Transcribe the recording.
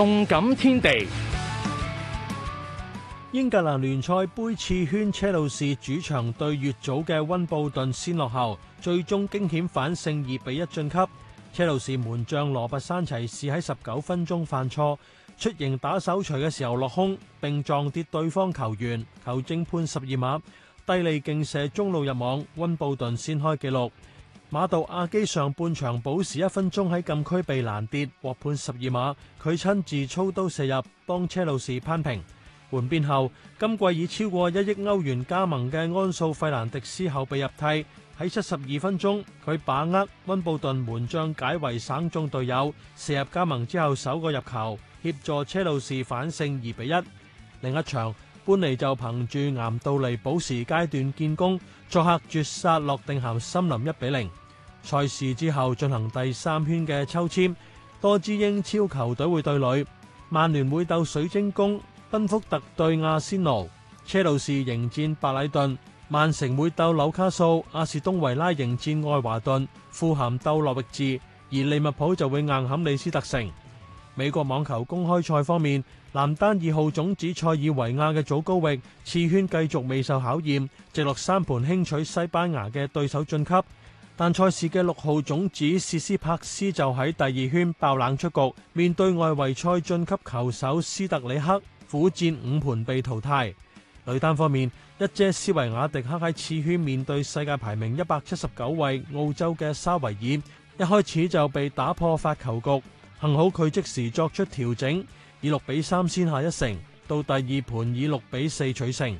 動感天地，英格蘭聯賽盃次圈，車路士主場對乙組嘅溫布頓先落後，最終驚險反勝二比一晉級。車路士門將羅拔山齊士喺十九分鐘犯錯，出迎打手槌嘅時候落空，並撞跌對方球員，球證判十二碼，蒂利勁射中路入網，溫布頓先開紀錄。馬道阿基上半場補時一分鐘喺禁區被攔跌，獲判十二碼，佢親自操刀射入，幫車路士扳平。換邊後，今季以超過一億歐元加盟嘅安素費蘭迪斯後備入替，喺七十二分鐘佢把握溫布頓門將解圍，省中隊友射入加盟之後首個入球，協助車路士反勝二比一。另一場，般尼就憑住岩道嚟補時階段建功，作客絕殺諾定咸森林一比零。賽事之後進行第三圈嘅抽簽，多支英超球隊會對壘，曼聯會鬥水晶宮，賓福特對阿仙奴，車路士迎戰白禮頓，曼城會鬥紐卡素，阿士東維拉迎戰愛華頓，富咸鬥諾域治。而利物浦就會硬撼李斯特城。美國網球公開賽方面，男單二號種子塞爾維亞嘅祖高域次圈繼續未受考驗，直落三盤輕取西班牙嘅對手晉級。但賽事嘅六號種子斯斯帕斯就喺第二圈爆冷出局，面對外圍賽晉級球手斯特里克苦戰五盤被淘汰。女單方面，一姐斯維亞迪克喺次圈面對世界排名一百七十九位澳洲嘅沙維爾，一開始就被打破發球局，幸好佢即時作出調整，以六比三先下一城，到第二盤以六比四取勝。